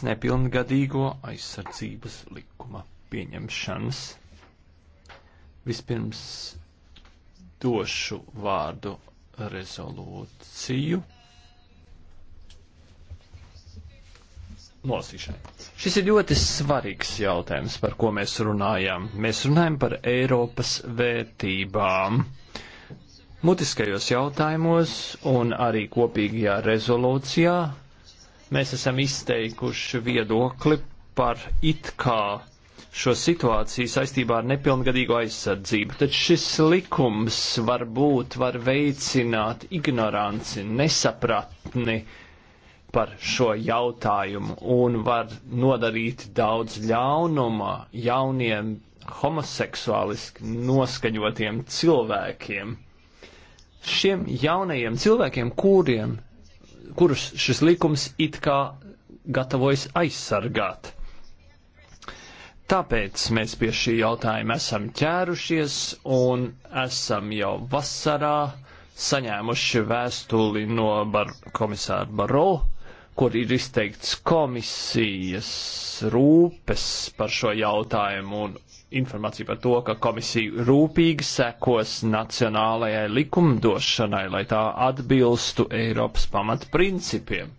pēc nepilngadīgo aizsardzības likuma pieņemšanas. Vispirms došu vārdu rezolūciju. Nosīšanai. Šis ir ļoti svarīgs jautājums, par ko mēs runājam. Mēs runājam par Eiropas vērtībām. Mutiskajos jautājumos un arī kopīgajā rezolūcijā Mēs esam izteikuši viedokli par it kā šo situāciju saistībā ar nepilngadīgo aizsardzību, tad šis likums varbūt var veicināt ignoranci, nesapratni par šo jautājumu un var nodarīt daudz ļaunuma jauniem homoseksuāliski noskaņotiem cilvēkiem. Šiem jaunajiem cilvēkiem, kuriem kurus šis likums it kā gatavojas aizsargāt. Tāpēc mēs pie šī jautājuma esam ķērušies un esam jau vasarā saņēmuši vēstuli no bar komisāra Baro, kur ir izteikts komisijas rūpes par šo jautājumu un informāciju par to, ka komisija rūpīgi sekos nacionālajai likumdošanai, lai tā atbilstu Eiropas pamatprincipiem.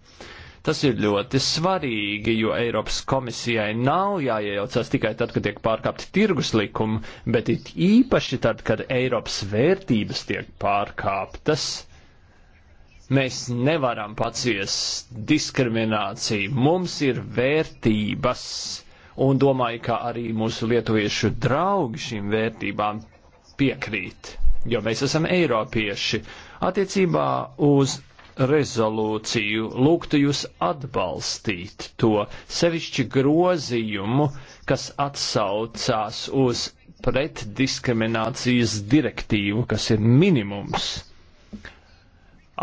Tas ir ļoti svarīgi, jo Eiropas komisijai nav jāiejaucas tikai tad, kad tiek pārkāpti tirgus likumi, bet it īpaši tad, kad Eiropas vērtības tiek pārkāptas. Mēs nevaram paciest diskrimināciju, mums ir vērtības un domāju, ka arī mūsu lietuviešu draugi šīm vērtībām piekrīt, jo mēs esam eiropieši. Attiecībā uz rezolūciju lūgtu jūs atbalstīt to sevišķi grozījumu, kas atsaucās uz pretdiskriminācijas direktīvu, kas ir minimums.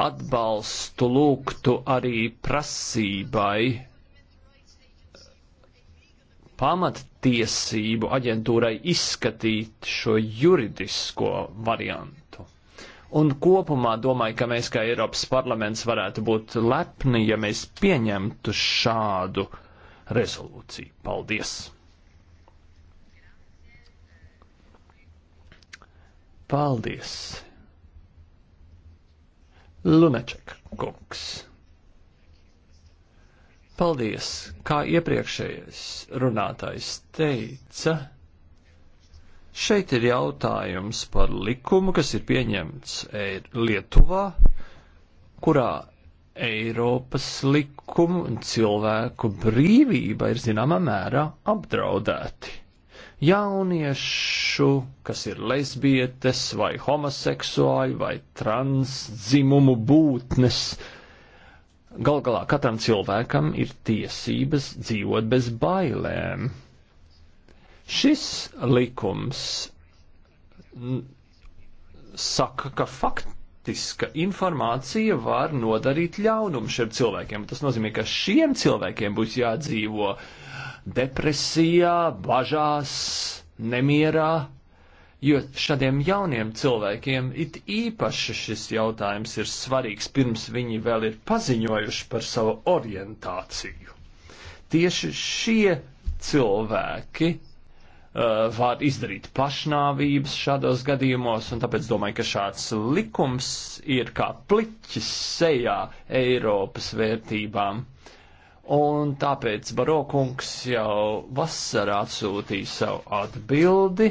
Atbalstu lūgtu arī prasībai pamattiesību aģentūrai izskatīt šo juridisko variantu. Un kopumā domāju, ka mēs kā Eiropas parlaments varētu būt lepni, ja mēs pieņemtu šādu rezolūciju. Paldies! Paldies! Lunaček kungs! Paldies! Kā iepriekšējais runātājs teica, šeit ir jautājums par likumu, kas ir pieņemts Lietuvā, kurā Eiropas likumu un cilvēku brīvība ir zināmā mērā apdraudēti. Jauniešu, kas ir lesbietes vai homoseksuāļi vai transdzimumu būtnes, uh, Gal galā katram cilvēkam ir tiesības dzīvot bez bailēm. Šis likums saka, ka faktiska informācija var nodarīt ļaunumu šiem cilvēkiem. Tas nozīmē, ka šiem cilvēkiem būs jādzīvo depresijā, bažās, nemierā, jo šādiem jauniem cilvēkiem it īpaši šis jautājums ir svarīgs, pirms viņi vēl ir paziņojuši par savu orientāciju. Tieši šie cilvēki uh, var izdarīt pašnāvības šādos gadījumos, un tāpēc domāju, ka šāds likums ir kā pliķis sejā Eiropas vērtībām. Un tāpēc Barokungs jau vasarā atsūtīja savu atbildi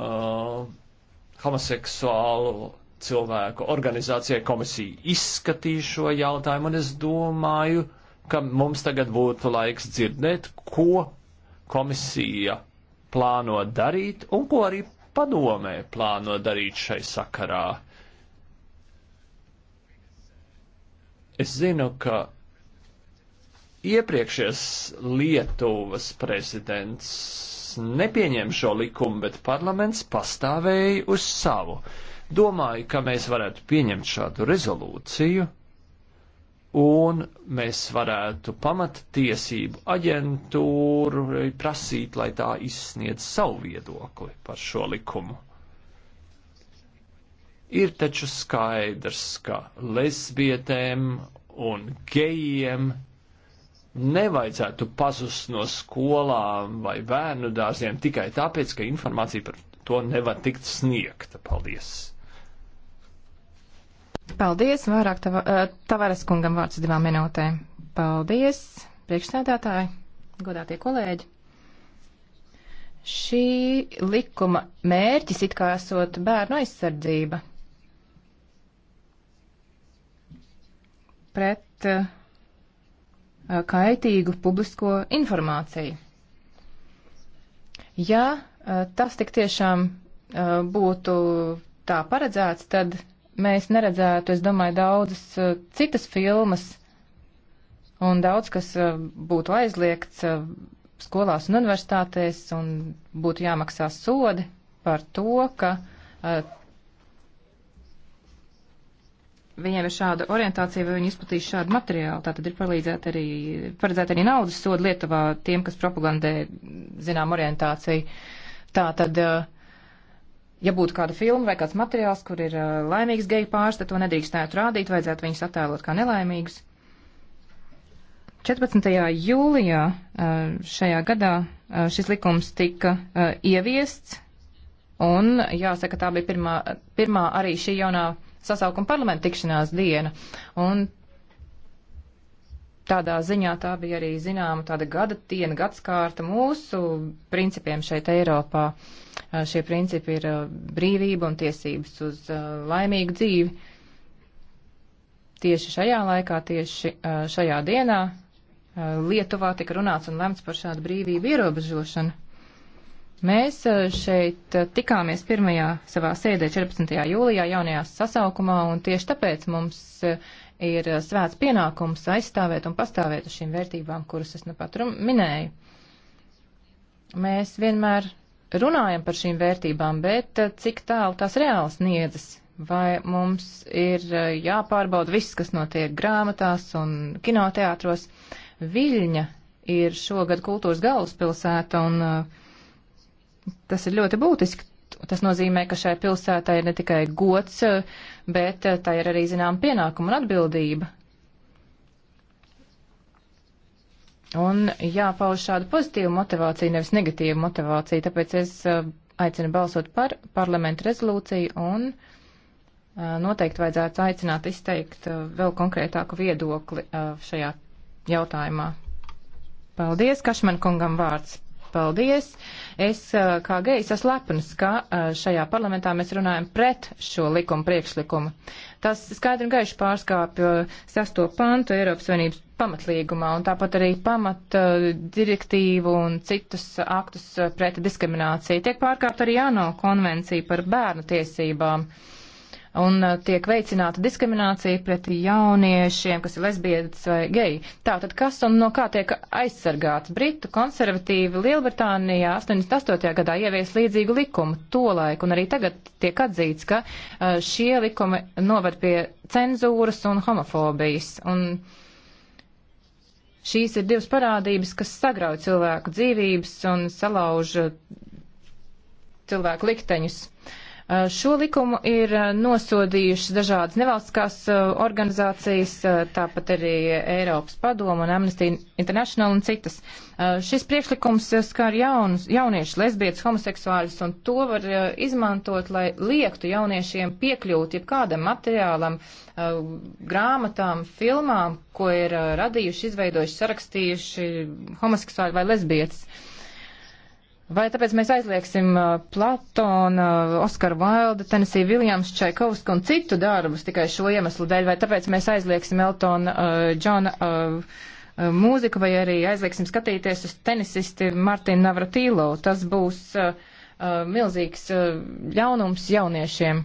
uh, homoseksuālu cilvēku organizācijai komisija izskatīja šo jautājumu, un es domāju, ka mums tagad būtu laiks dzirdēt, ko komisija plāno darīt un ko arī padomē plāno darīt šai sakarā. Es zinu, ka iepriekšies Lietuvas prezidents nepieņem šo likumu, bet parlaments pastāvēja uz savu. Domāju, ka mēs varētu pieņemt šādu rezolūciju, un mēs varētu pamattiesību aģentūru prasīt, lai tā izsniedz savu viedokli par šo likumu. Ir taču skaidrs, ka lesbietēm un gejiem nevajadzētu pazust no skolām vai bērnu dārziem tikai tāpēc, ka informācija par to nevar tikt sniegta. Paldies! Paldies! Vairāk tava, eh, tavares kungam vārds divām minūtēm. Paldies, priekšsēdētāji, godātie kolēģi! Šī likuma mērķis it kā esot bērnu aizsardzība pret uh, Uh, kaitīgu publisko informāciju. Ja uh, tas tik tiešām uh, būtu tā paredzēts, tad mēs neredzētu, es domāju, daudzas citas filmas un daudz, kas būtu aizliegts skolās un universitātēs un būtu jāmaksā sodi par to, ka viņiem ir šāda orientācija vai viņi izplatīs šādu materiālu. Tā tad ir paredzēta arī, paredzēt arī naudas soda Lietuvā tiem, kas propagandē, zinām, orientāciju. Tā tad, eh, ja būtu kāda filma vai kāds materiāls, kur ir eh, laimīgs geju pāris, tad to nedrīkstētu rādīt, vajadzētu viņus attēlot kā nelaimīgus. 14. jūlijā eh, šajā gadā šis likums tika ieviests, un jāsaka, tā bija pirmā, pirmā arī šī jaunā sasaukuma parlamenta tikšanās diena. Un tādā ziņā tā bija arī zināma tāda gada diena, gadskārta mūsu principiem šeit Eiropā. Šie principi ir brīvība un tiesības uz laimīgu dzīvi. Tieši šajā laikā, tieši šajā dienā Lietuvā tika runāts un lemts par šādu brīvību ierobežošanu. Mēs eh, šeit eh, tikāmies pirmajā savā sēdē 14. jūlijā jaunajā sasaukumā, un tieši tāpēc mums eh, ir svēts pienākums aizstāvēt un pastāvēt uz šīm vērtībām, kuras es nu pat minēju. Mēs vienmēr runājam par šīm vērtībām, bet cik tālu tās reāli sniedzas, vai mums ir jāpārbauda viss, kas notiek grāmatās un kinoteātros. Viļņa ir šogad kultūras galvaspilsēta, un uh, Tas ir ļoti būtiski. Tas nozīmē, ka šai pilsētai ir ne tikai gods, bet tā ir arī zinām pienākuma un atbildība. Un jāpauž šāda pozitīva motivācija, nevis negatīva motivācija. Tāpēc es aicinu balsot par parlamentu rezolūciju un noteikti vajadzētu aicināt izteikt vēl konkrētāku viedokli šajā jautājumā. Paldies, Kašman kungam vārds. Paldies! Es kā gejs esmu lepns, ka šajā parlamentā mēs runājam pret šo likuma priekšlikumu. Tas skaidri un gaiši pārskāpja sesto pantu Eiropas Savienības pamatlīgumā un tāpat arī pamat direktīvu un citus aktus pret diskrimināciju. Tiek pārkāpta arī ANO konvencija par bērnu tiesībām. Uh, un uh, tiek veicināta diskriminācija pret jauniešiem, kas ir lesbietis vai geji. Tātad kas un no kā tiek aizsargāts? Britu konservatīvi Lielbritānijā 88. gadā ievies līdzīgu likumu tolaik, un arī tagad tiek atzīts, ka uh, šie likumi noved pie cenzūras un homofobijas. Un šīs ir divas parādības, kas sagrauj cilvēku dzīvības un salauž cilvēku likteņus. Uh, Eh, šo likumu ir eh, nosodījušas dažādas nevalstiskās eh, organizācijas, tāpat arī Eiropas padoma un Amnesty International un citas. Šis priekšlikums skar jaunus, jauniešus, lesbietus, homoseksuāļus, un to var izmantot, lai liektu jauniešiem piekļūt jebkādam materiālam, grāmatām, filmām, ko ir radījuši, izveidojuši, sarakstījuši homoseksuāļi vai lesbietas. Vai tāpēc mēs aizliegsim uh, Platona, Oskara Vailda, Tennessee Viljams, Čaikovsku un citu darbus tikai šo iemeslu dēļ, vai tāpēc mēs aizliegsim Eltona uh, Džona uh, uh, mūziku, vai arī aizliegsim skatīties uz tenisisti Martinu Navratīlo. Tas būs uh, uh milzīgs ļaunums jauniešiem.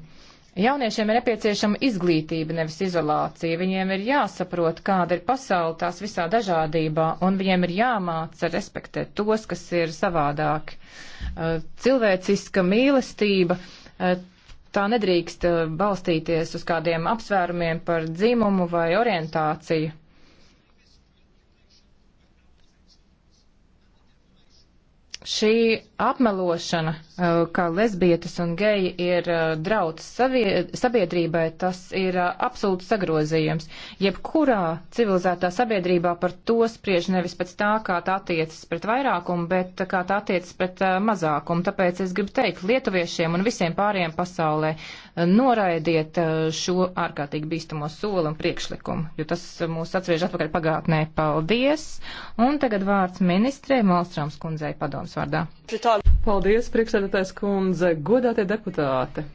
Jauniešiem ir nepieciešama izglītība, nevis izolācija. Viņiem ir jāsaprot, kāda ir pasaule tās visā dažādībā, un viņiem ir jāmāca respektēt tos, kas ir savādāki. Eh, cilvēciska mīlestība eh, tā nedrīkst eh, balstīties uz kādiem apsvērumiem par dzimumu vai orientāciju. Šī apmelošana, eh, ka lesbietes un geji ir eh, drauds sabiedrībai, tas ir eh, absolūts sagrozījums. Jebkurā civilizētā sabiedrībā par to spriež nevis pēc tā, kā tā attiecas pret vairākumu, bet kā tā attiecas pret mazākumu. Tāpēc es gribu teikt lietuviešiem un visiem pārējiem pasaulē, noraidiet eh, šo ārkārtīgi bīstamo soli un priekšlikumu, jo tas eh, mūs atgriež atpakaļ pagātnē. Paldies! Un tagad vārds ministrē Malstrāms kundzei padoms vārdā. Paldies, priekšsēdētājs kundze, godātie deputāti!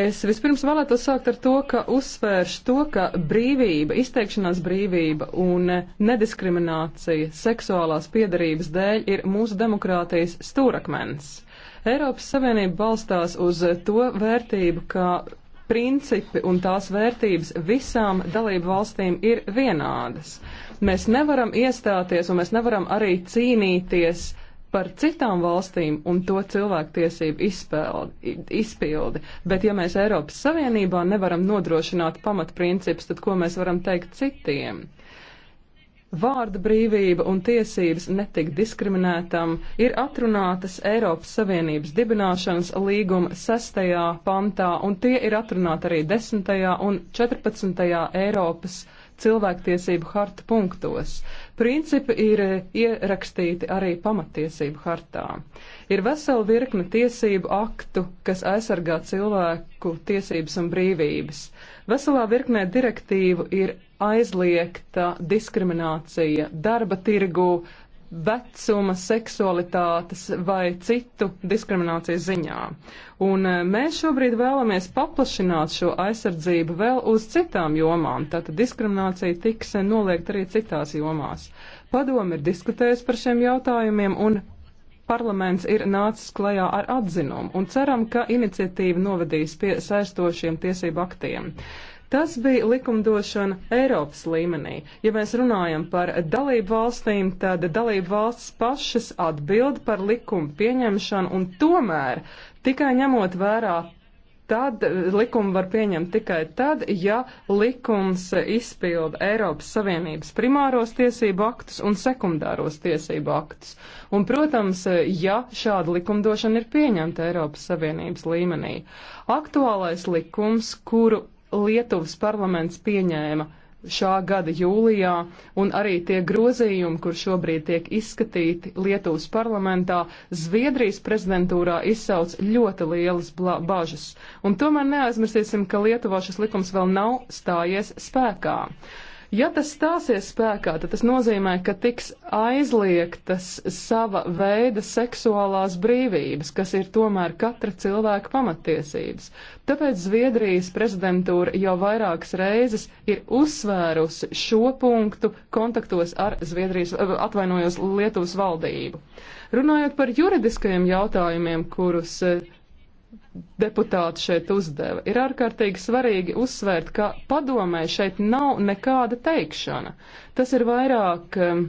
Es vispirms vēlētos sākt ar to, ka uzsvēršu to, ka brīvība, izteikšanās brīvība un nediskriminācija seksuālās piedarības dēļ ir mūsu demokrātijas stūrakmens. Eiropas Savienība balstās uz to vērtību, ka principi un tās vērtības visām dalību valstīm ir vienādas. Mēs nevaram iestāties un mēs nevaram arī cīnīties par citām valstīm un to cilvēktiesību izpeldi, izpildi. Bet ja mēs Eiropas Savienībā nevaram nodrošināt pamatprincips, tad ko mēs varam teikt citiem? Vārda brīvība un tiesības netikt diskriminētam ir atrunātas Eiropas Savienības dibināšanas līguma 6. pantā, un tie ir atrunāti arī 10. un 14. Eiropas cilvēktiesību harta punktos. Principi ir eh, ierakstīti arī pamatiesību hartā. Ir vesela virkne tiesību aktu, kas aizsargā cilvēku tiesības un brīvības. Veselā virknē direktīvu ir aizliegta diskriminācija darba tirgu, vecuma, seksualitātes vai citu diskriminācijas ziņā. Un eh, mēs šobrīd vēlamies paplašināt šo aizsardzību vēl uz citām jomām, tātad diskriminācija tiks eh, noliegt arī citās jomās. Padomi ir diskutējis par šiem jautājumiem un parlaments ir nācis klajā ar atzinumu un ceram, ka iniciatīva novedīs pie saistošiem tiesību aktiem. Uh, Tas bija likumdošana Eiropas līmenī. Ja mēs runājam par dalību valstīm, tad dalību valsts pašas atbild par likumu pieņemšanu un tomēr tikai ņemot vērā. Tad likumu var pieņemt tikai tad, ja likums izpilda Eiropas Savienības primāros tiesību aktus un sekundāros tiesību aktus. Un, protams, ja šāda likumdošana ir pieņemta Eiropas Savienības līmenī. Aktuālais likums, kuru Lietuvas parlaments pieņēma šā gada jūlijā, un arī tie grozījumi, kur šobrīd tiek izskatīti Lietuvas parlamentā, Zviedrijas prezidentūrā izsauc ļoti lielas bažas. Un tomēr neaizmirsīsim, ka Lietuvā šis likums vēl nav stājies spēkā. Uh, Ja tas stāsies spēkā, tad tas nozīmē, ka tiks aizliegtas sava veida seksuālās brīvības, kas ir tomēr katra cilvēka pamatiesības. Tāpēc Zviedrijas prezidentūra jau vairākas reizes ir uzsvērusi šo punktu kontaktos ar Zviedrijas, eh, atvainojos, Lietuvas valdību. Runājot par juridiskajiem jautājumiem, kurus eh, deputāti šeit uzdeva. Ir ārkārtīgi svarīgi uzsvērt, ka padomē šeit nav nekāda teikšana. Tas ir vairāk um,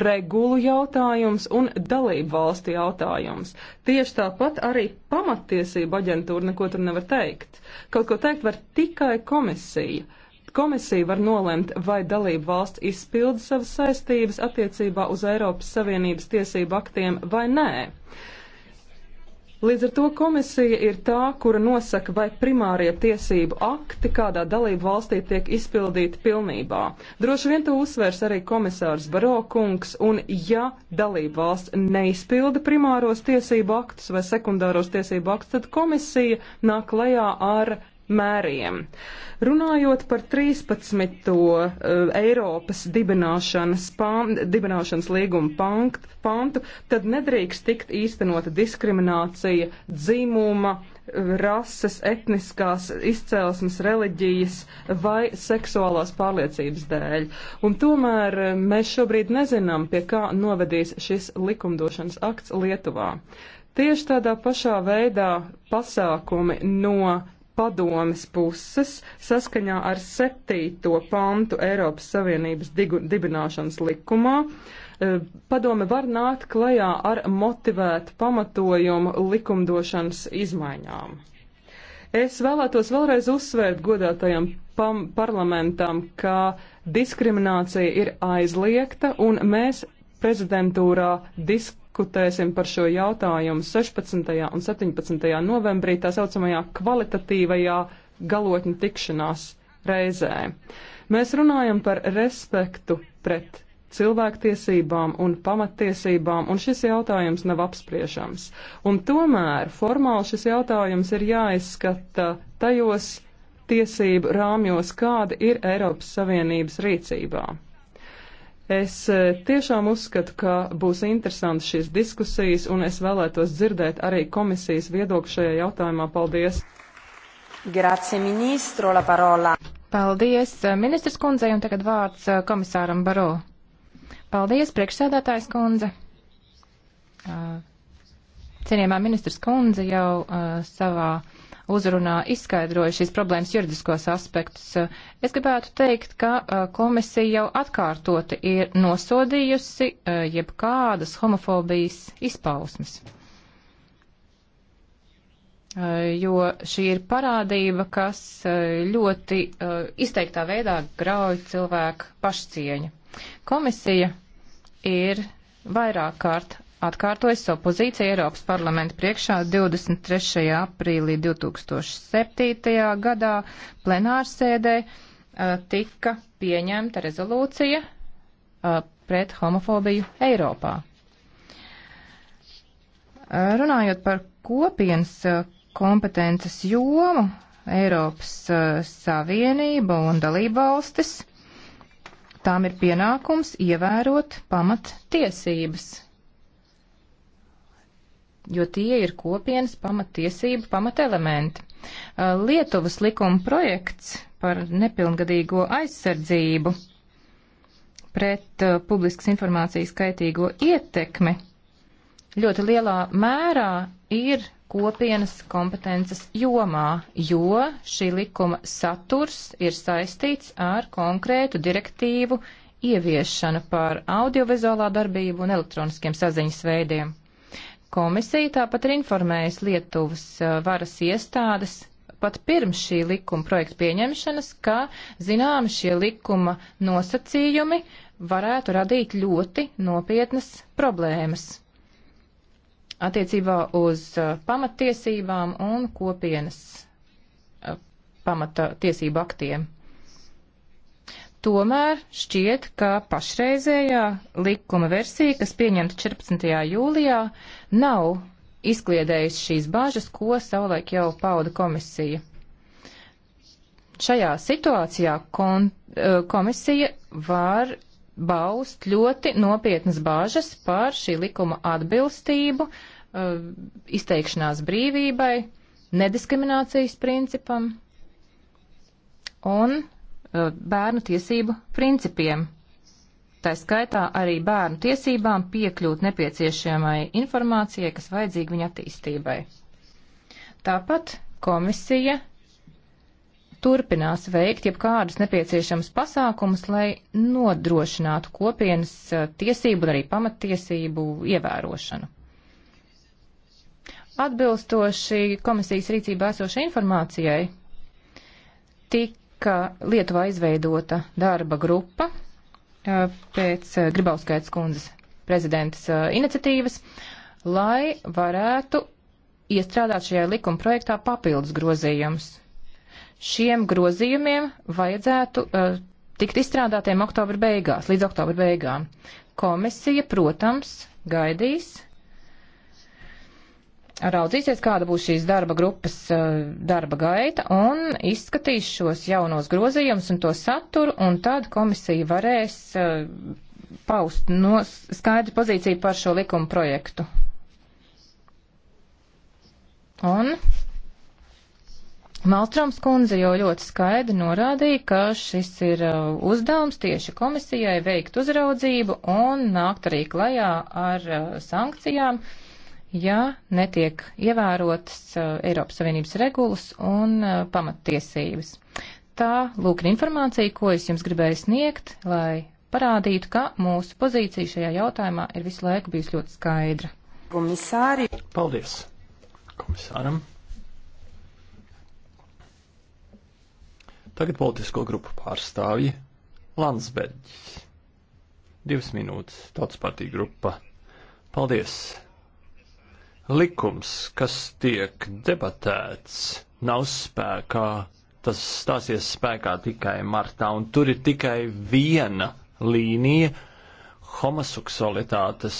regulu jautājums un dalību valsti jautājums. Tieši tāpat arī pamatiesība aģentūra neko tur nevar teikt. Kaut ko teikt var tikai komisija. Komisija var nolemt, vai dalību valsts izpilda savas saistības attiecībā uz Eiropas Savienības tiesību aktiem vai nē. Uh, Līdz ar to komisija ir tā, kura nosaka, vai primārie tiesību akti kādā dalību valstī tiek izpildīti pilnībā. Droši vien to uzsvērs arī komisārs Barokungs, un ja dalību valsts neizpilda primāros tiesību aktus vai sekundāros tiesību aktus, tad komisija nāk lejā ar mēriem. Runājot par 13. Eh, Eiropas dibināšanas, pan, dibināšanas līguma pankt, pantu, tad nedrīkst tikt īstenota diskriminācija dzimuma, rases, etniskās izcelsmes, reliģijas vai seksuālās pārliecības dēļ. Un tomēr eh, mēs šobrīd nezinām, pie kā novedīs šis likumdošanas akts Lietuvā. Tieši tādā pašā veidā pasākumi no padomes puses saskaņā ar 7. pantu Eiropas Savienības digu, dibināšanas likumā. E, padome var nākt klajā ar motivētu pamatojumu likumdošanas izmaiņām. Es vēlētos vēlreiz uzsvērt godātajam parlamentam, ka diskriminācija ir aizliegta un mēs prezidentūrā disk diskutēsim par šo jautājumu 16. un 17. novembrī tā saucamajā kvalitatīvajā galotņu tikšanās reizē. Mēs runājam par respektu pret cilvēktiesībām un pamattiesībām, un šis jautājums nav apspriešams. Un tomēr formāli šis jautājums ir jāizskata tajos tiesību rāmjos, kāda ir Eiropas Savienības rīcībā. Es e, tiešām uzskatu, ka būs interesanti šīs diskusijas, un es vēlētos dzirdēt arī komisijas viedokli šajā jautājumā. Paldies! Grazie, ministro, la parola! Paldies, e, ministrs kundzei, un tagad vārds e, komisāram Baro. Paldies, priekšsēdētājs kundze. Cienījamā ministrs kundze jau savā uzrunā izskaidroja šīs problēmas juridiskos aspektus. Es gribētu teikt, ka komisija jau atkārtoti ir nosodījusi jebkādas homofobijas izpausmes. Jo šī ir parādība, kas ļoti izteiktā veidā grauj cilvēku pašcieņu. Komisija ir vairāk kārt atkārtoja savu pozīciju Eiropas parlamenta priekšā 23. aprīlī 2007. gadā plenārsēdē eh, tika pieņemta rezolūcija eh, pret homofobiju Eiropā. Eh, runājot par kopienas kompetences jomu, Eiropas Savienība un dalībvalstis, tām ir pienākums ievērot pamat tiesības jo tie ir kopienas pamatiesību pamatelementi. Lietuvas likuma projekts par nepilngadīgo aizsardzību pret uh, publiskas informācijas kaitīgo ietekmi ļoti lielā mērā ir kopienas kompetences jomā, jo šī likuma saturs ir saistīts ar konkrētu direktīvu ieviešanu par audiovizuālā darbību un elektroniskiem saziņas veidiem. Komisija tāpat ir informējusi Lietuvas varas iestādes pat pirms šī likuma projekta pieņemšanas, ka zinām šie likuma nosacījumi varētu radīt ļoti nopietnas problēmas attiecībā uz pamattiesībām un kopienas pamata tiesību aktiem. Tomēr šķiet, ka pašreizējā likuma versija, kas pieņemta 14. jūlijā, uh, nav izkliedējis šīs bāžas, ko savulaik jau pauda komisija. Šajā situācijā kon, e, komisija var baust ļoti nopietnas bāžas par šī likuma atbilstību, e, izteikšanās brīvībai, nediskriminācijas principam un e, bērnu tiesību principiem tā skaitā arī bērnu tiesībām piekļūt nepieciešamai informācijai, kas vajadzīga viņa attīstībai. Tāpat komisija turpinās veikt jebkādus nepieciešamus pasākumus, lai nodrošinātu kopienas tiesību un arī pamattiesību ievērošanu. Atbilstoši komisijas rīcībā esošai informācijai, tika Lietuvā izveidota darba grupa, pēc Gribauskaits kundzes prezidentas iniciatīvas, lai varētu iestrādāt šajā likuma projektā papildus grozījumus. Šiem grozījumiem vajadzētu uh, tikt izstrādātiem oktobra beigās, līdz oktobra beigām. Komisija, protams, gaidīs raudzīsies, kāda būs šīs darba grupas eh, darba gaita un izskatīs šos jaunos grozījumus un to saturu, un tad komisija varēs eh, paust no skaidru pozīciju par šo likumu projektu. Un Malstroms kundze jau ļoti skaidri norādīja, ka šis ir eh, uzdevums tieši komisijai veikt uzraudzību un nākt arī klajā ar sankcijām uh, ja netiek ievērotas uh, Eiropas Savienības regulas un uh, pamattiesības. Tā lūk ir informācija, ko es jums gribēju sniegt, lai parādītu, ka mūsu pozīcija šajā jautājumā ir visu laiku bijusi ļoti skaidra. Komisāri. Paldies komisāram. Tagad politisko grupu pārstāvji Landsbeģis. Divas minūtes, tautas partija grupa. Paldies! Likums, kas tiek debatēts, nav spēkā. Tas stāsies spēkā tikai martā, un tur ir tikai viena līnija homoseksualitātes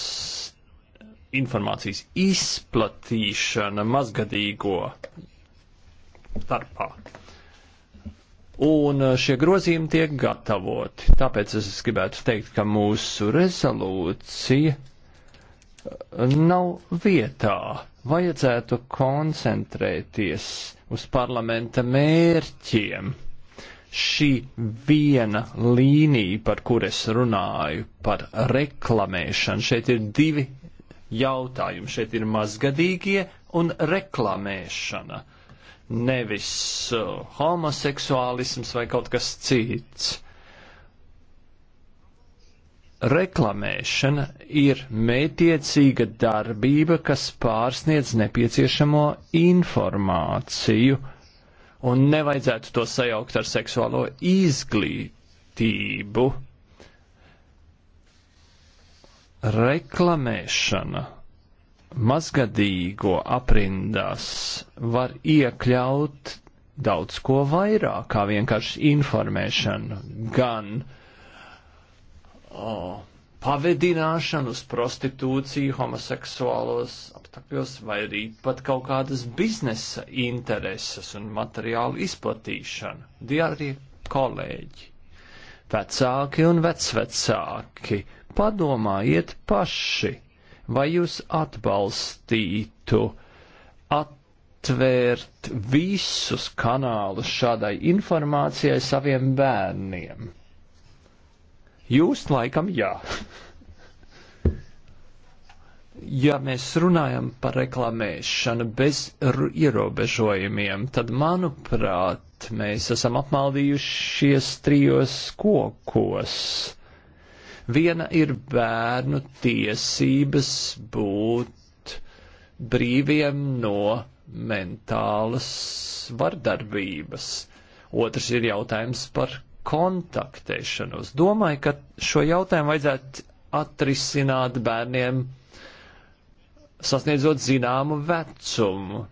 informācijas izplatīšana mazgadīgo starpā. Un uh, šie grozījumi tiek gatavoti. Tāpēc es gribētu teikt, ka mūsu rezolūcija nav vietā. Vajadzētu koncentrēties uz parlamenta mērķiem. Šī viena līnija, par kur es runāju, par reklamēšanu, šeit ir divi jautājumi. Šeit ir mazgadīgie un reklamēšana. Nevis uh, homoseksuālisms vai kaut kas cits Reklamēšana ir mētiecīga darbība, kas pārsniedz nepieciešamo informāciju, un nevajadzētu to sajaukt ar seksuālo izglītību. Reklamēšana mazgadīgo aprindās var iekļaut daudz ko vairāk kā vienkārši informēšanu, gan uh, pavedināšanu uz prostitūciju homoseksuālos apstākļos vai arī pat kaut kādas biznesa intereses un materiālu izplatīšanu. Diārie kolēģi, vecāki un vecvecāki, padomājiet paši, vai jūs atbalstītu atvērt visus kanālus šādai informācijai saviem bērniem. Jūs laikam jā. Ja mēs runājam par reklamēšanu bez ierobežojumiem, tad, manuprāt, mēs esam apmaldījušies trijos kokos. Viena ir bērnu tiesības būt brīviem no mentālas vardarbības. Otrs ir jautājums par kontaktēšanos. Domāju, ka šo jautājumu vajadzētu atrisināt bērniem sasniedzot zināmu vecumu.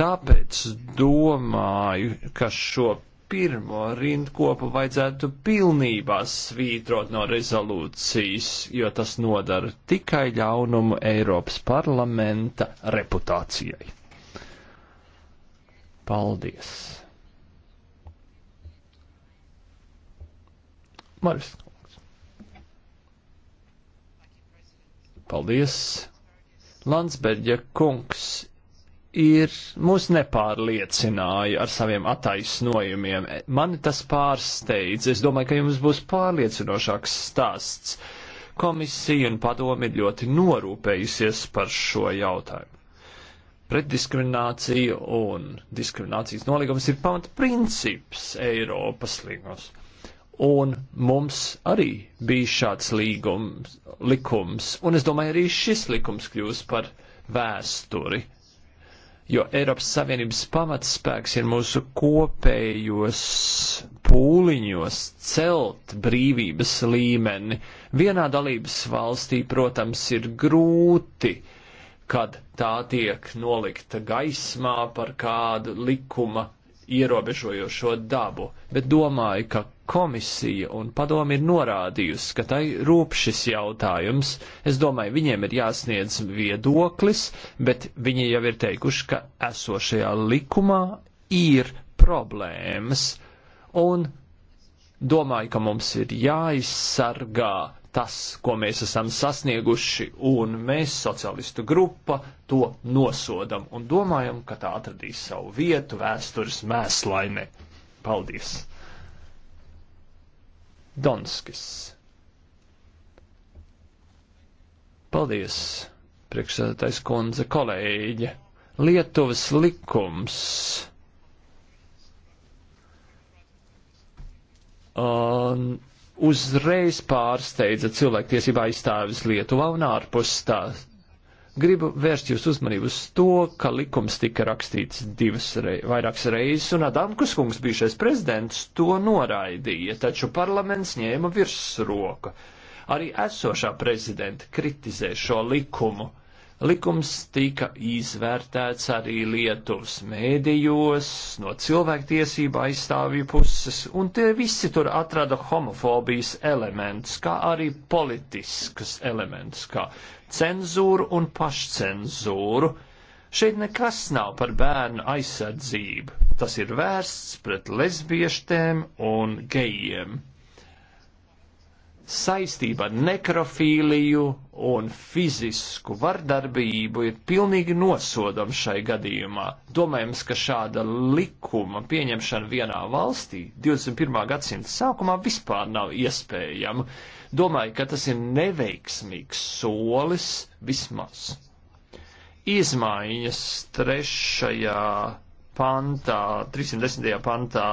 Tāpēc domāju, ka šo pirmo rindkopu vajadzētu pilnībā svītrot no rezolūcijas, jo tas nodara tikai ļaunumu Eiropas parlamenta reputācijai. Paldies! Marvis. Paldies. Landsberģa kungs ir mūs nepārliecināja ar saviem attaisnojumiem. Mani tas pārsteidz. Es domāju, ka jums būs pārliecinošāks stāsts. Komisija un padomi ir ļoti norūpējusies par šo jautājumu pretdiskriminācija un diskriminācijas nolīgums ir pamata princips Eiropas līgumos. Un mums arī bija šāds līgums, likums, un es domāju, arī šis likums kļūs par vēsturi, jo Eiropas Savienības pamatspēks ir mūsu kopējos pūliņos celt brīvības līmeni. Vienā dalības valstī, protams, ir grūti, kad tā tiek nolikta gaismā par kādu likuma ierobežojošo dabu, bet domāju, ka komisija un padomi ir norādījusi, ka tai rūp šis jautājums. Es domāju, viņiem ir jāsniedz viedoklis, bet viņi jau ir teikuši, ka esošajā likumā ir problēmas, un domāju, ka mums ir jāizsargā tas, ko mēs esam sasnieguši, un mēs, socialistu grupa, to nosodam un domājam, ka tā atradīs savu vietu vēstures mēslainē. Paldies! Donskis. Paldies, priekšsēdētais kundze kolēģi. Lietuvas likums. Um, uzreiz pārsteidza cilvēktiesībā aizstāvis Lietuvā un ārpus tās. Gribu vērst jūs uzmanību uz to, ka likums tika rakstīts divas rei, vairākas reizes, un Adamkus kungs bijušais prezidents to noraidīja, taču parlaments ņēma virsroka. Arī esošā prezidenta kritizē šo likumu Likums tika izvērtēts arī Lietuvas mēdījos, no cilvēktiesība aizstāvju puses, un tie visi tur atrada homofobijas elementus, kā arī politiskas elementus, kā cenzūru un pašcenzūru. Šeit nekas nav par bērnu aizsardzību. Tas ir vērsts pret lesbiešiem un gejiem saistība ar nekrofīliju un fizisku vardarbību ir pilnīgi nosodama šai gadījumā. Domājams, ka šāda likuma pieņemšana vienā valstī 21. gadsimta sākumā vispār nav iespējama. Domāju, ka tas ir neveiksmīgs solis vismaz. Izmaiņas trešajā pantā, 310. pantā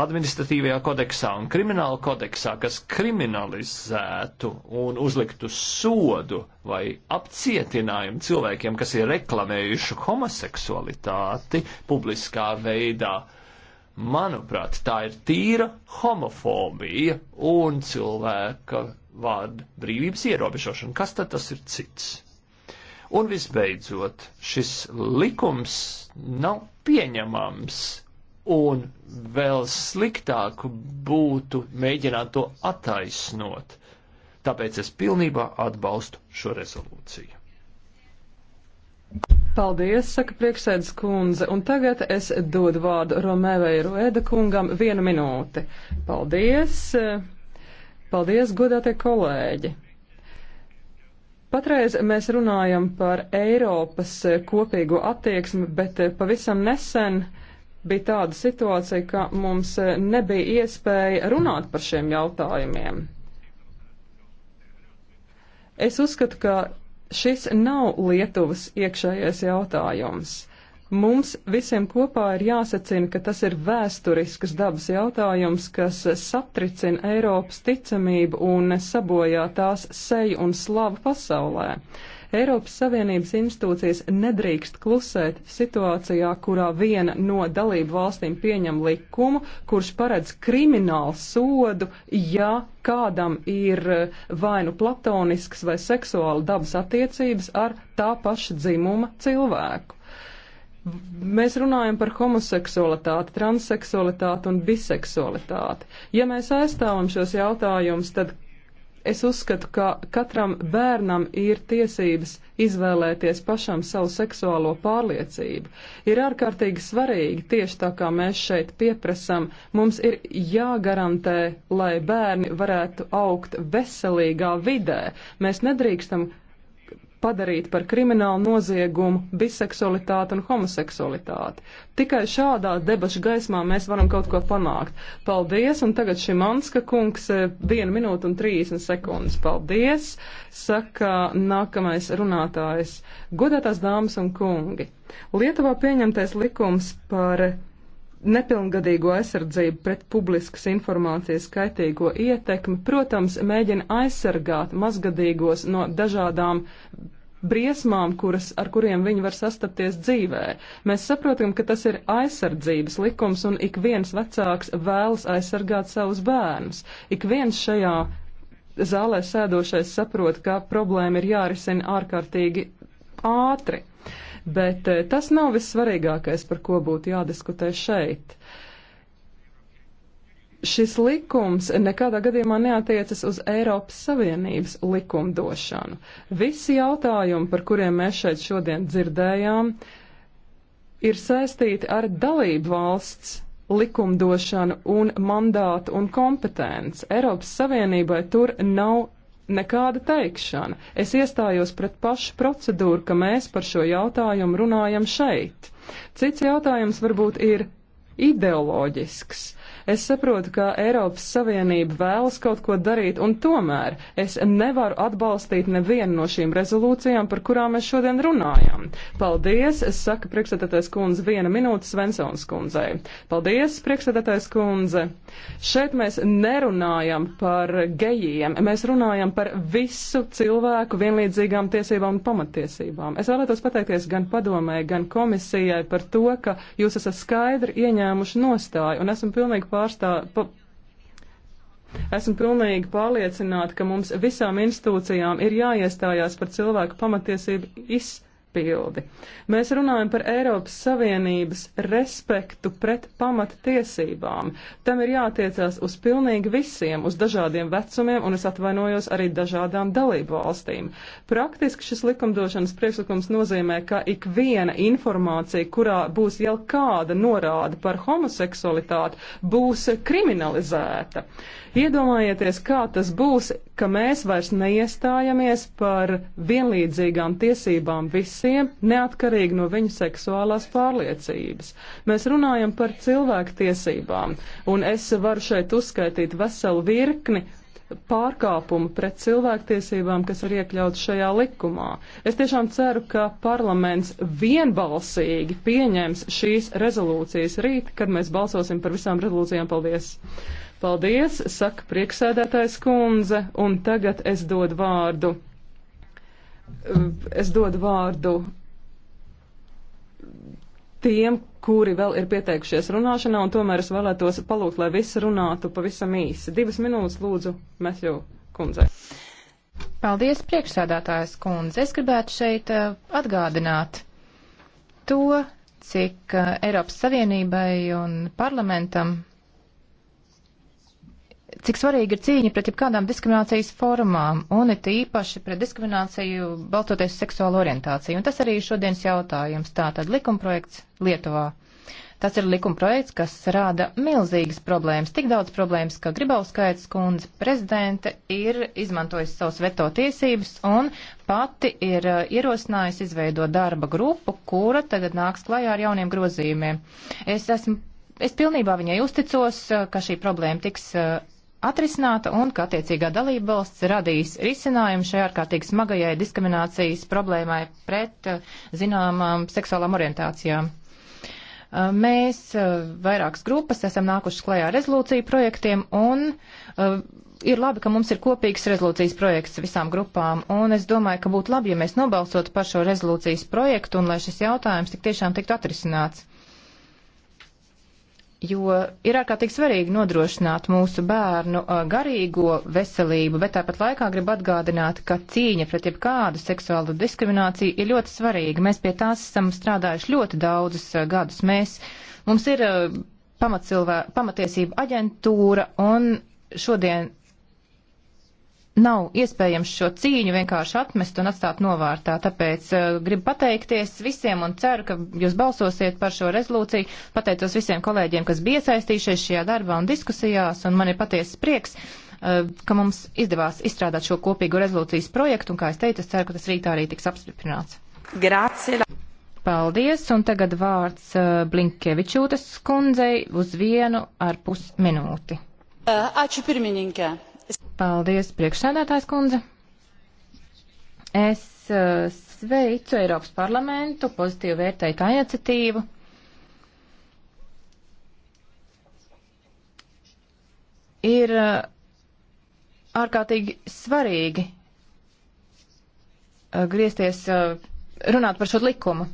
administratīvajā kodeksā un krimināla kodeksā, kas kriminalizētu un uzliktu sodu vai apcietinājumu cilvēkiem, kas ir reklamējuši homoseksualitāti publiskā veidā. Manuprāt, tā ir tīra homofobija un cilvēka vārda brīvības ierobežošana. Kas tad tas ir cits? Un visbeidzot, šis likums nav pieņemams Un vēl sliktāk būtu mēģināt to attaisnot. Tāpēc es pilnībā atbalstu šo rezolūciju. Paldies, saka priekšsēdus kundze, un tagad es dodu vārdu Romēvei Rueda kungam vienu minūti. Paldies, paldies, godātie kolēģi! Patreiz mēs runājam par Eiropas kopīgo attieksmi, bet pavisam nesen uh, bija tāda situācija, ka mums e, nebija iespēja runāt par šiem jautājumiem. Es uzskatu, ka šis nav Lietuvas iekšējais jautājums. Mums visiem kopā ir jāsacina, ka tas ir vēsturisks dabas jautājums, kas satricina Eiropas ticamību un sabojā tās seju un slavu pasaulē. Uh, Eiropas Savienības institūcijas nedrīkst klusēt situācijā, kurā viena no dalību valstīm pieņem likumu, kurš paredz kriminālu sodu, ja kādam ir eh, vainu platonisks vai seksuāla dabas attiecības ar tā paša dzimuma cilvēku. Mēs runājam par homoseksualitāti, transseksualitāti un biseksualitāti. Ja mēs aizstāvam šos jautājumus, tad Es uzskatu, ka katram bērnam ir tiesības izvēlēties pašam savu seksuālo pārliecību. Ir ārkārtīgi svarīgi, tieši tā kā mēs šeit pieprasam, mums ir jāgarantē, lai bērni varētu augt veselīgā vidē. Mēs nedrīkstam padarīt par kriminālu noziegumu biseksualitāti un homoseksualitāti. Tikai šādā debašu gaismā mēs varam kaut ko panākt. Paldies, un tagad šī Manska kungs 1 eh, minūte un 30 sekundes. Paldies, saka nākamais runātājs. Godētās dāmas un kungi, Lietuvā pieņemtais likums par nepilngadīgo aizsardzību pret publiskas informācijas kaitīgo ietekmi, protams, mēģina aizsargāt mazgadīgos no dažādām briesmām, kuras, ar kuriem viņi var sastapties dzīvē. Mēs saprotam, ka tas ir aizsardzības likums un ik viens vecāks vēlas aizsargāt savus bērnus. Ik viens šajā zālē sēdošais saprot, ka problēma ir jārisina ārkārtīgi ātri. Uh, bet eh, tas nav vissvarīgākais, par ko būtu jādiskutē šeit. Šis likums nekādā gadījumā neatiecas uz Eiropas Savienības likumdošanu. Visi jautājumi, par kuriem mēs šeit šodien dzirdējām, ir saistīti ar dalību valsts likumdošanu un mandātu un kompetenci. Eiropas Savienībai tur nav nekāda teikšana. Es iestājos pret pašu procedūru, ka mēs par šo jautājumu runājam šeit. Cits jautājums varbūt ir ideoloģisks. Es saprotu, ka Eiropas Savienība vēlas kaut ko darīt, un tomēr es nevaru atbalstīt nevienu no šīm rezolūcijām, par kurām mēs šodien runājam. Paldies, es saku priekšstādātais kundze viena minūte Svensons kundzei. Paldies, priekšstādātais kundze. Šeit mēs nerunājam par gejiem, mēs runājam par visu cilvēku vienlīdzīgām tiesībām un pamatiesībām. Es vēlētos pateikties gan padomē, gan komisijai par to, ka jūs esat skaidri ieņēmuši nostāju un esam pilnīgi pārstā, pa, Esmu pilnīgi pārliecināta, ka mums visām institūcijām ir jāiestājās par cilvēku pamatiesību izsākumu izpildi. Mēs runājam par Eiropas Savienības respektu pret pamatiesībām. Tam ir jātiecās uz pilnīgi visiem, uz dažādiem vecumiem, un es atvainojos arī dažādām dalību valstīm. Praktiski šis likumdošanas priekšlikums nozīmē, ka ikviena informācija, kurā būs jau kāda norāda par homoseksualitāti, būs kriminalizēta. Iedomājieties, kā tas būs, ka mēs vairs neiestājamies par vienlīdzīgām tiesībām visiem, neatkarīgi no viņu seksuālās pārliecības. Mēs runājam par cilvēktiesībām, un es varu šeit uzskaitīt veselu virkni pārkāpumu pret cilvēktiesībām, kas ir iekļauts šajā likumā. Es tiešām ceru, ka parlaments vienbalsīgi pieņems šīs rezolūcijas rīt, kad mēs balsosim par visām rezolūcijām. Paldies! Paldies, saka prieksēdētājs kundze, un tagad es dodu vārdu. Es dodu vārdu tiem, kuri vēl ir pieteikušies runāšanā, un tomēr es vēlētos palūgt, lai visi runātu pavisam īsi. Divas minūtes lūdzu Metļu kundzei. Paldies, priekšsēdētājas kundze. Es gribētu šeit uh, atgādināt to, cik uh, Eiropas Savienībai un parlamentam cik svarīga ir cīņa pret jebkādām diskriminācijas formām, un it īpaši pret diskrimināciju balstoties seksuālo orientāciju. Un tas arī šodienas jautājums. Tātad likumprojekts Lietuvā. Tas ir likumprojekts, kas rāda milzīgas problēmas, tik daudz problēmas, ka Gribauskaits kundze prezidente ir izmantojusi savus veto tiesības un pati ir uh, ierosinājusi izveidot darba grupu, kura tagad nāks klajā ar jauniem grozījumiem. Es esmu Es pilnībā viņai uzticos, uh, ka šī problēma tiks uh, atrisināta un ka attiecīgā dalība valsts radīs risinājumu šai ārkārtīgi smagajai diskriminācijas problēmai pret eh, zināmām seksuālām orientācijām. Eh, mēs eh, vairākas grupas esam nākušas klajā rezolūciju projektiem un ir labi, ka mums ir kopīgs rezolūcijas projekts visām grupām, un es domāju, ka būtu labi, ja mēs nobalsotu par šo rezolūcijas projektu un lai šis jautājums tik tiešām tiktu atrisināts jo ir ārkārtīgi svarīgi nodrošināt mūsu bērnu uh, garīgo veselību, bet tāpat laikā gribu atgādināt, ka cīņa pret jebkādu seksuālu diskrimināciju ir ļoti svarīga. Mēs pie tās esam strādājuši ļoti daudzus uh, gadus. Mēs, mums ir uh, pamattiesība aģentūra un šodien nav iespējams šo cīņu vienkārši atmest un atstāt novārtā. Tāpēc uh, gribu pateikties visiem un ceru, ka jūs balsosiet par šo rezolūciju. Pateicos visiem kolēģiem, kas bija iesaistījušies šajā darbā un diskusijās, un man ir patiesas prieks, uh, ka mums izdevās izstrādāt šo kopīgu rezolūcijas projektu, un, kā es teicu, es ceru, ka tas rītā arī tiks apstiprināts. Grācie. Paldies, un tagad vārds uh, Blinkevičūtas kundzei uz vienu ar pus minūti. Uh, aču pirmininkē. Paldies, priekšsēdētājs kundze. Es uh, sveicu Eiropas parlamentu, pozitīvi vērtēju tā iniciatīvu. Ir uh, ārkārtīgi svarīgi uh, griezties, runāt par šo likumu.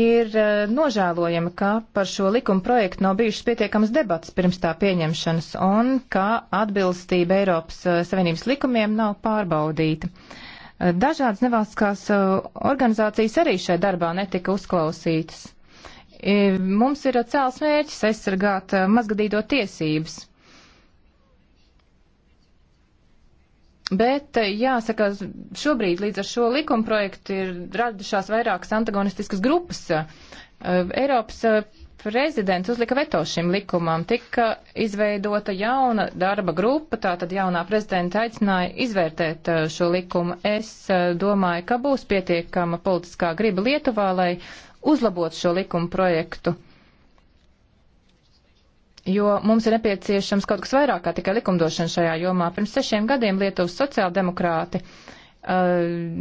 Ir eh, nožēlojami, ka par šo likuma projektu nav bijušas pietiekams debats pirms tā pieņemšanas un ka atbilstība Eiropas eh, Savienības likumiem nav pārbaudīta. Eh, dažādas nevalstiskās organizācijas arī šai darbā netika uzklausītas. Mums ir cēls mērķis aizsargāt mazgadīto tiesības Bet eh, jāsaka, šobrīd līdz ar šo likumprojektu ir radušās vairākas antagonistiskas grupas. Eh, Eiropas eh, prezidents uzlika veto šim likumam, tika izveidota jauna darba grupa, tātad jaunā prezidenta aicināja izvērtēt šo likumu. Es domāju, ka būs pietiekama politiskā griba Lietuvā, lai uzlabotu šo likumu projektu jo mums ir nepieciešams kaut kas vairāk kā tikai likumdošana šajā jomā. Pirms sešiem gadiem Lietuvas sociāldemokrāti uh,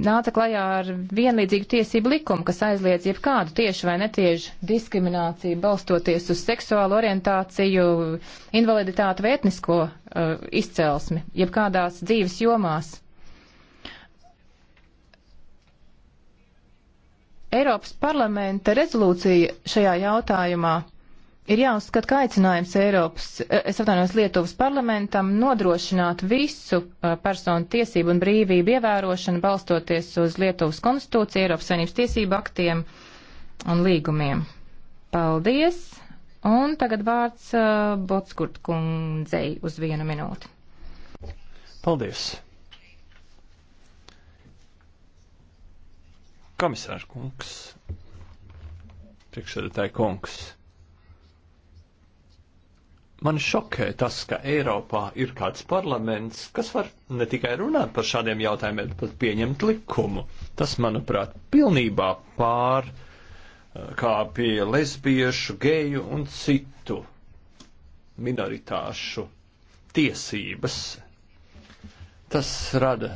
nāca klajā ar vienlīdzīgu tiesību likumu, kas aizliedz jebkādu tieši vai netieši diskrimināciju balstoties uz seksuālu orientāciju, invaliditātu vai etnisko uh, izcelsmi, jebkādās dzīves jomās. Eiropas parlamenta rezolūcija šajā jautājumā ir jāuzskata, ka aicinājums Eiropas, eh, es atvainojos Lietuvas parlamentam, nodrošināt visu eh, personu tiesību un brīvību ievērošanu, balstoties uz Lietuvas konstitūciju, Eiropas Savienības tiesību aktiem un līgumiem. Paldies! Un tagad vārds uh, Botskurt kundzei uz vienu minūti. Paldies! Komisārs kungs, priekšsēdētāji kungs. Man šokē tas, ka Eiropā ir kāds parlaments, kas var ne tikai runāt par šādiem jautājumiem, bet pat pieņemt likumu. Tas, manuprāt, pilnībā pār eh, kā pie lesbiešu, geju un citu minoritāšu tiesības. Tas rada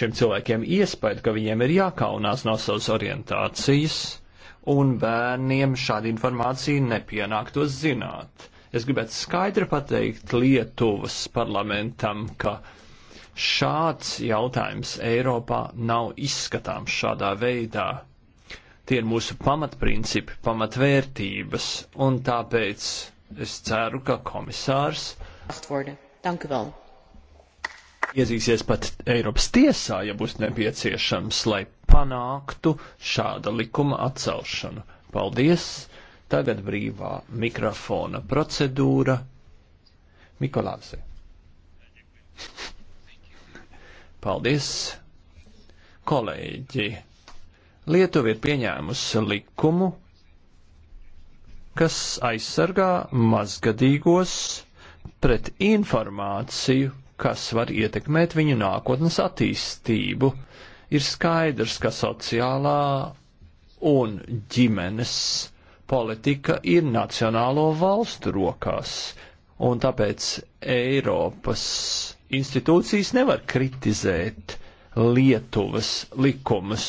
šiem cilvēkiem iespēju, ka viņiem ir jākaunās no savas orientācijas, un bērniem šāda informācija nepienāktos zināt Es gribētu skaidri pateikt Lietuvas parlamentam, ka šāds jautājums Eiropā nav izskatāms šādā veidā. Tie ir mūsu pamatprincipi, pamatvērtības, un tāpēc es ceru, ka komisārs iezīsies pat Eiropas tiesā, ja būs nepieciešams, lai panāktu šāda likuma atcelšanu. Paldies! Tagad brīvā mikrofona procedūra. Mikolāse. Paldies, kolēģi. Lietuva ir pieņēmusi likumu, kas aizsargā mazgadīgos pret informāciju, kas var ietekmēt viņu nākotnes attīstību. Ir skaidrs, ka sociālā un ģimenes politika ir nacionālo valstu rokās, un tāpēc Eiropas institūcijas nevar kritizēt Lietuvas likumus.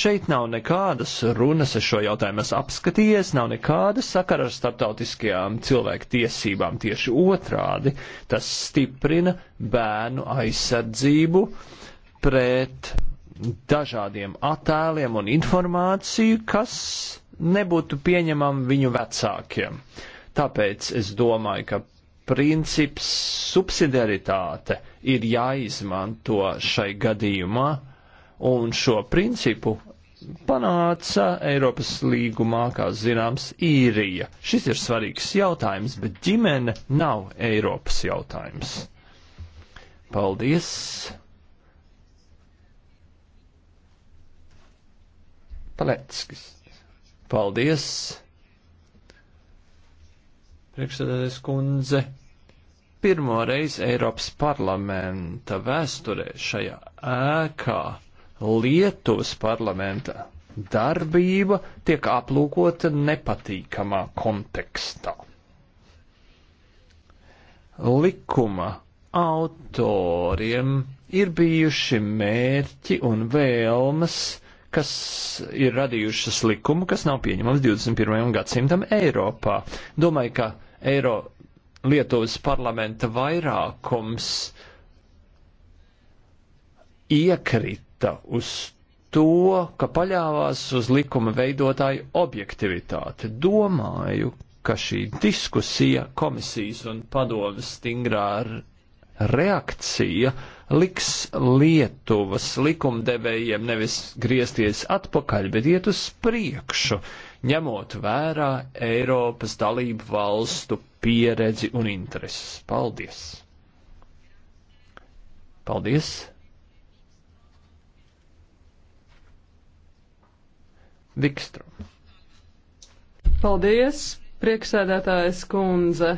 Šeit nav nekādas runas, es šo jautājumu esmu apskatījies, nav nekādas sakara ar starptautiskajām cilvēku tiesībām. Tieši otrādi tas stiprina bērnu aizsardzību pret dažādiem attēliem un informāciju, kas nebūtu pieņemama viņu vecākiem. Tāpēc es domāju, ka princips subsidiaritāte ir jāizmanto šai gadījumā, un šo principu panāca Eiropas līgumā, kā zināms, īrija. Šis ir svarīgs jautājums, bet ģimene nav Eiropas jautājums. Paldies! Paleckis. Paldies, priekšsēdētājs kundze. Pirmo reizi Eiropas parlamenta vēsturē šajā ēkā Lietuvas parlamenta darbība tiek aplūkota nepatīkamā kontekstā. Likuma autoriem ir bijuši mērķi un vēlmes kas ir radījušas likumu, kas nav pieņemams 21. gadsimtam Eiropā. Domāju, ka Eiro Lietuvas parlamenta vairākums iekrita uz to, ka paļāvās uz likuma veidotāju objektivitāti. Domāju, ka šī diskusija, komisijas un padomas stingrā reakcija uh, liks Lietuvas likumdevējiem nevis griezties atpakaļ, bet iet uz priekšu, ņemot vērā Eiropas dalību valstu pieredzi un intereses. Paldies! Paldies! Vikstrom. Paldies, prieksēdētājas kundze.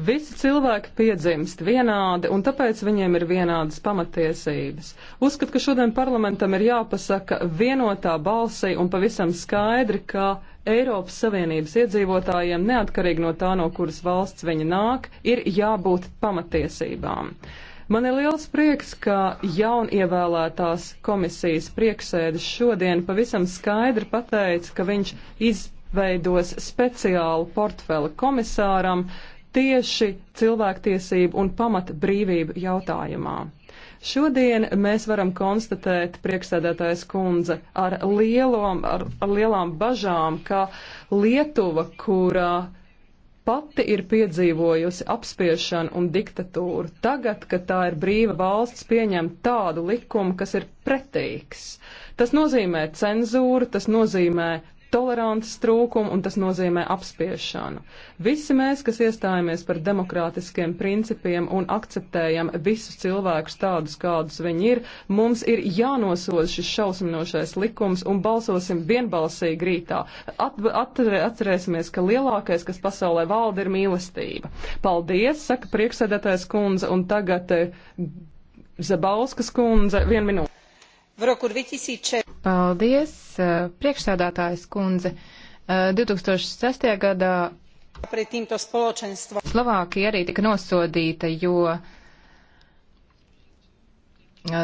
Visi cilvēki piedzimst vienādi, un tāpēc viņiem ir vienādas pamatiesības. Uzskatu, ka šodien parlamentam ir jāpasaka vienotā balsī un pavisam skaidri, ka Eiropas Savienības iedzīvotājiem, neatkarīgi no tā, no kuras valsts viņi nāk, ir jābūt pamatiesībām. Man ir liels prieks, ka jaunievēlētās komisijas prieksēdes šodien pavisam skaidri pateica, ka viņš izveidos speciālu portfeli komisāram, uh, tieši cilvēktiesību un pamata brīvību jautājumā. Šodien mēs varam konstatēt, priekšsēdētājs kundze, ar, lielom, ar, ar lielām bažām, ka Lietuva, kurā pati ir piedzīvojusi apspiešanu un diktatūru, tagad, kad tā ir brīva valsts, pieņem tādu likumu, kas ir pretīgs. Tas nozīmē cenzūru, tas nozīmē tolerances trūkumu, un tas nozīmē apspiešanu. Visi mēs, kas iestājamies par demokrātiskiem principiem un akceptējam visus cilvēkus tādus, kādus viņi ir, mums ir jānosoda šis šausminošais likums un balsosim vienbalsīgi rītā. At, at, atcerēsimies, ka lielākais, kas pasaulē valda, ir mīlestība. Paldies, saka priekšsēdētājs kundze, un tagad eh, Zabauskas kundze, vienu minūti. V roku 2006. Paldies, eh, priekšsēdātājs kundze. 2006. Eh, gadā pret týmto spoločenstvom. Slovākija arī tika nosodīta, jo eh,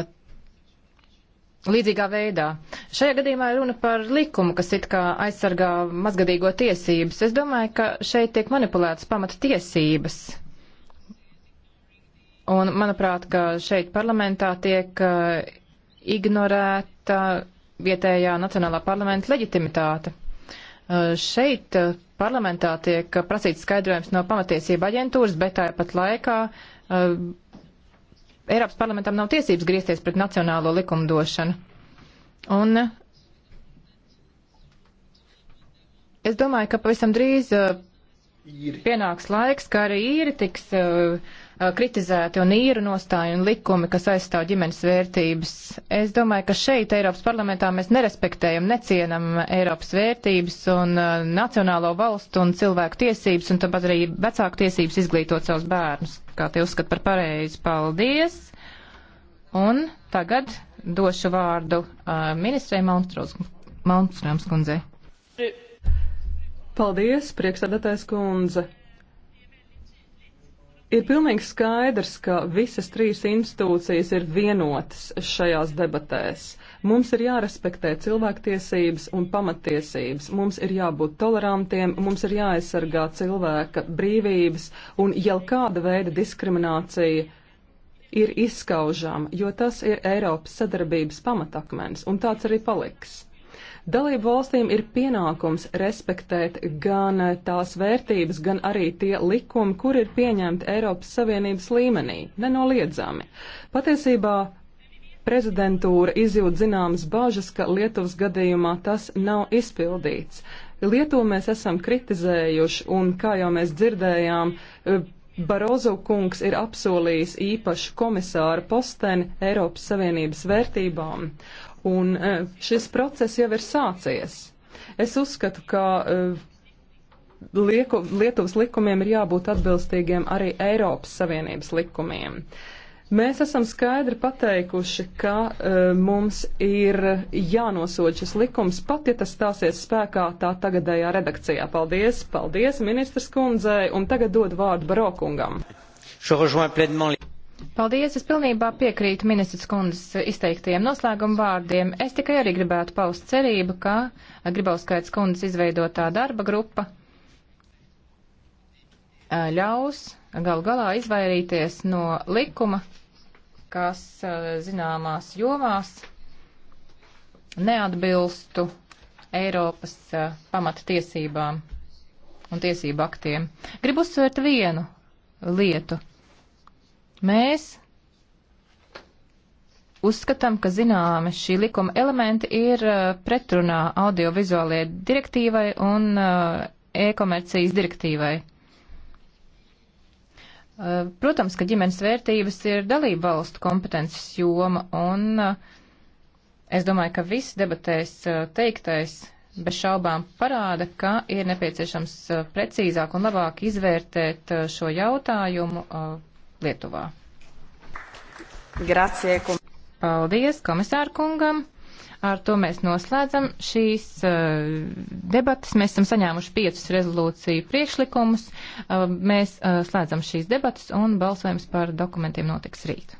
Līdzīgā veidā. Šajā gadījumā runa par likumu, kas it kā aizsargā mazgadīgo tiesības. Es domāju, ka šeit tiek manipulētas pamata tiesības. Un, manuprāt, ka šeit parlamentā tiek uh, ignorēta vietējā nacionālā parlamenta leģitimitāte. Uh, šeit uh, parlamentā tiek uh, prasīts skaidrojums no pamatiesība aģentūras, bet tāpat laikā Eiropas parlamentam nav tiesības griezties pret nacionālo likumdošanu. Un es domāju, ka pavisam drīz pienāks laiks, ka arī īri tiks uh, Uh, kritizēti un īra nostāja un likumi, kas aizstāv ģimenes vērtības. Es domāju, ka šeit Eiropas parlamentā mēs nerespektējam, necienam Eiropas vērtības un uh, nacionālo valstu un cilvēku tiesības un tāpat arī vecāku tiesības izglītot savus bērnus, kā tie uzskat par pareizi. Paldies! Un tagad došu vārdu uh, ministrei Malmstrāms kundzei. Paldies, priekšsēdētājs kundze! Ir pilnīgi skaidrs, ka visas trīs institūcijas ir vienotas šajās debatēs. Mums ir jārespektē cilvēktiesības un pamatiesības, mums ir jābūt tolerantiem, mums ir jāaizsargā cilvēka brīvības un jau kāda veida diskriminācija ir izskaužama, jo tas ir Eiropas sadarbības pamatakmens un tāds arī paliks. Dalību valstīm ir pienākums respektēt gan tās vērtības, gan arī tie likumi, kur ir pieņemti Eiropas Savienības līmenī, nenoliedzami. Patiesībā prezidentūra izjūt zināmas bažas, ka Lietuvas gadījumā tas nav izpildīts. Lietuvu mēs esam kritizējuši, un kā jau mēs dzirdējām, Barozo kungs ir apsolījis īpašu komisāru posteni Eiropas Savienības vērtībām, Un e, šis process jau ir sācies. Es uzskatu, ka e, lieku, Lietuvas likumiem ir jābūt atbilstīgiem arī Eiropas Savienības likumiem. Mēs esam skaidri pateikuši, ka uh, mums ir jānosod šis likums, pat ja tas stāsies spēkā tā tagadējā redakcijā. Paldies, paldies ministrs kundzei, un tagad dod vārdu Barokungam. Paldies, es pilnībā piekrītu ministrs kundzes izteiktajiem noslēguma vārdiem. Es tikai arī gribētu paust cerību, ka Gribauskaits kundzes izveidotā darba grupa eh, ļaus gal galā izvairīties no likuma, kas eh, zināmās jomās neatbilstu Eiropas eh, pamata tiesībām un tiesību aktiem. Gribu uzsvērt vienu lietu Mēs uzskatām, ka zināmi šī likuma elementi ir uh, pretrunā audiovizuālajai direktīvai un uh, e-komercijas direktīvai. Uh, protams, ka ģimenes vērtības ir dalība valstu kompetences joma, un es domāju, ka viss debatēs teiktais bez šaubām parāda, ka ir nepieciešams precīzāk un labāk izvērtēt šo jautājumu Lietuvā. Grazie. Paldies komisāru kungam. Ar to mēs noslēdzam šīs uh, debatas. Mēs esam saņēmuši piecus rezolūciju priekšlikumus. Uh, mēs uh, slēdzam šīs debatas un balsojums par dokumentiem notiks rīt.